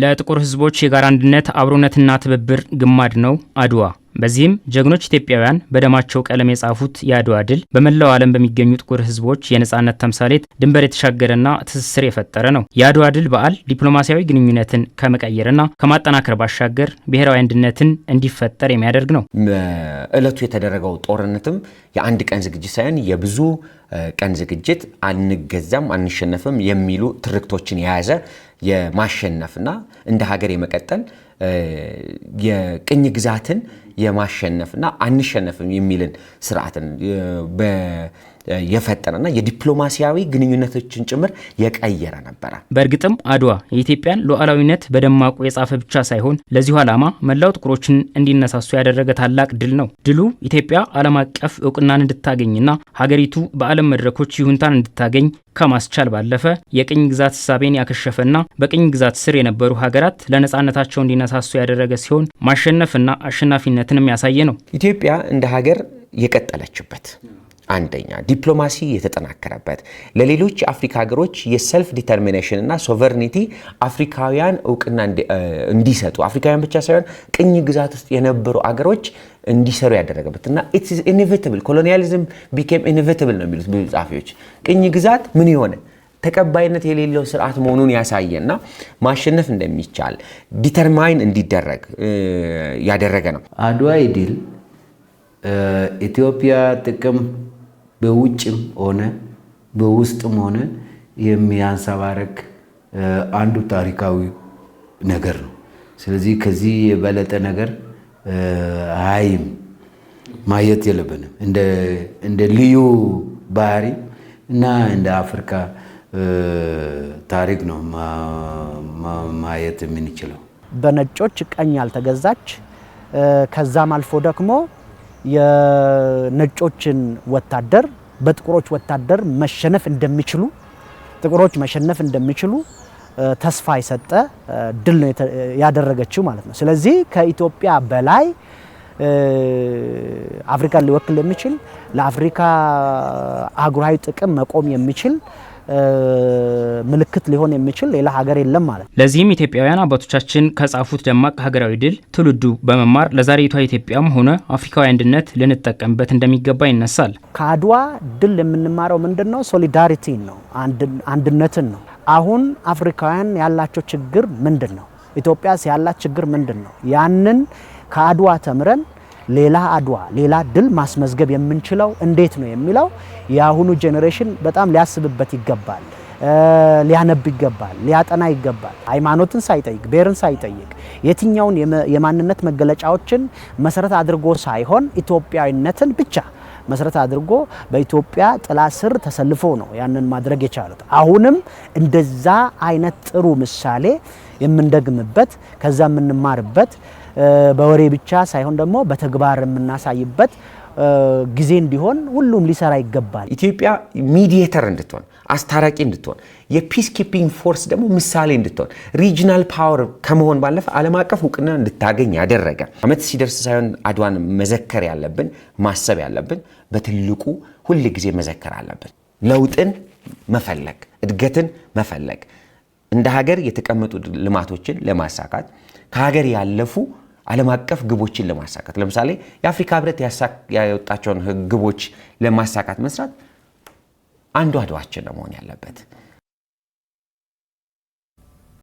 ለጥቁር ህዝቦች የጋራ አንድነት አብሮነትና ትብብር ግማድ ነው አድዋ በዚህም ጀግኖች ኢትዮጵያውያን በደማቸው ቀለም የጻፉት የአድዋ ድል በመላው ዓለም በሚገኙ ጥቁር ሕዝቦች የነጻነት ተምሳሌት ድንበር የተሻገረና ትስስር የፈጠረ ነው። የአድዋ ድል በዓል ዲፕሎማሲያዊ ግንኙነትን ከመቀየርና ከማጠናከር ባሻገር ብሔራዊ አንድነትን እንዲፈጠር የሚያደርግ ነው። እለቱ የተደረገው ጦርነትም የአንድ ቀን ዝግጅት ሳይሆን የብዙ ቀን ዝግጅት፣ አንገዛም አንሸነፍም የሚሉ ትርክቶችን የያዘ የማሸነፍና እንደ ሀገር የመቀጠል የቅኝ ግዛትን የማሸነፍና አንሸነፍም የሚልን ስርዓትን የፈጠረና የዲፕሎማሲያዊ ግንኙነቶችን ጭምር የቀየረ ነበረ። በእርግጥም አድዋ የኢትዮጵያን ሉዓላዊነት በደማቁ የጻፈ ብቻ ሳይሆን ለዚሁ ዓላማ መላው ጥቁሮችን እንዲነሳሱ ያደረገ ታላቅ ድል ነው። ድሉ ኢትዮጵያ ዓለም አቀፍ እውቅናን እንድታገኝና ሀገሪቱ በዓለም መድረኮች ይሁንታን እንድታገኝ ከማስቻል ባለፈ የቅኝ ግዛት ሳቤን ያከሸፈና በቅኝ ግዛት ስር የነበሩ ሀገራት ለነፃነታቸው እንዲነሳሱ ያደረገ ሲሆን ማሸነፍና አሸናፊነትንም ያሳየ ነው። ኢትዮጵያ እንደ ሀገር የቀጠለችበት አንደኛ ዲፕሎማሲ የተጠናከረበት ለሌሎች የአፍሪካ ሀገሮች የሰልፍ ዲተርሚኔሽን እና ሶቨርኒቲ አፍሪካውያን እውቅና እንዲሰጡ አፍሪካውያን ብቻ ሳይሆን ቅኝ ግዛት ውስጥ የነበሩ አገሮች እንዲሰሩ ያደረገበት እና ኢትስ ኢኔቪታብል ኮሎኒያሊዝም ቢኬም ኢኔቪታብል ነው የሚሉት ብዙ ጸሐፊዎች። ቅኝ ግዛት ምን የሆነ ተቀባይነት የሌለው ስርዓት መሆኑን ያሳየና ማሸነፍ እንደሚቻል ዲተርማይን እንዲደረግ ያደረገ ነው። አድዋ ድል ኢትዮጵያ ጥቅም በውጭም ሆነ በውስጥም ሆነ የሚያንሰባረክ አንዱ ታሪካዊ ነገር ነው። ስለዚህ ከዚህ የበለጠ ነገር አይም ማየት የለብንም እንደ ልዩ ባህሪ እና እንደ አፍሪካ ታሪክ ነው ማየት የምንችለው። በነጮች ቀኝ ያልተገዛች ከዛም አልፎ ደግሞ የነጮችን ወታደር በጥቁሮች ወታደር መሸነፍ እንደሚችሉ ጥቁሮች መሸነፍ እንደሚችሉ ተስፋ የሰጠ ድል ነው ያደረገችው ማለት ነው። ስለዚህ ከኢትዮጵያ በላይ አፍሪካን ሊወክል የሚችል ለአፍሪካ አህጉራዊ ጥቅም መቆም የሚችል ምልክት ሊሆን የሚችል ሌላ ሀገር የለም ማለት ለዚህም ኢትዮጵያውያን አባቶቻችን ከጻፉት ደማቅ ሀገራዊ ድል ትውልዱ በመማር ለዛሬቷ ኢትዮጵያም ሆነ አፍሪካዊ አንድነት ልንጠቀምበት እንደሚገባ ይነሳል። ከአድዋ ድል የምንማረው ምንድን ነው? ሶሊዳሪቲ ነው፣ አንድነትን ነው። አሁን አፍሪካውያን ያላቸው ችግር ምንድን ነው? ኢትዮጵያስ ያላት ችግር ምንድን ነው? ያንን ከአድዋ ተምረን ሌላ አድዋ ሌላ ድል ማስመዝገብ የምንችለው እንዴት ነው የሚለው የአሁኑ ጄኔሬሽን በጣም ሊያስብበት ይገባል። ሊያነብ ይገባል፣ ሊያጠና ይገባል። ሃይማኖትን ሳይጠይቅ ብሔርን ሳይጠይቅ የትኛውን የማንነት መገለጫዎችን መሰረት አድርጎ ሳይሆን ኢትዮጵያዊነትን ብቻ መሰረት አድርጎ በኢትዮጵያ ጥላ ስር ተሰልፎ ነው ያንን ማድረግ የቻሉት። አሁንም እንደዛ አይነት ጥሩ ምሳሌ የምንደግምበት ከዛ የምንማርበት በወሬ ብቻ ሳይሆን ደግሞ በተግባር የምናሳይበት ጊዜ እንዲሆን ሁሉም ሊሰራ ይገባል። ኢትዮጵያ ሚዲየተር እንድትሆን አስታራቂ እንድትሆን የፒስ ኪፒንግ ፎርስ ደግሞ ምሳሌ እንድትሆን ሪጅናል ፓወር ከመሆን ባለፈ ዓለም አቀፍ እውቅና እንድታገኝ ያደረገ ዓመት ሲደርስ ሳይሆን አድዋን መዘከር ያለብን ማሰብ ያለብን በትልቁ ሁል ጊዜ መዘከር አለብን። ለውጥን መፈለግ እድገትን መፈለግ እንደ ሀገር የተቀመጡ ልማቶችን ለማሳካት ከሀገር ያለፉ ዓለም አቀፍ ግቦችን ለማሳካት ለምሳሌ የአፍሪካ ህብረት ያወጣቸውን ግቦች ለማሳካት መስራት አንዱ አድዋችን ነው መሆን ያለበት።